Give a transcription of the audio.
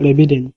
لبدني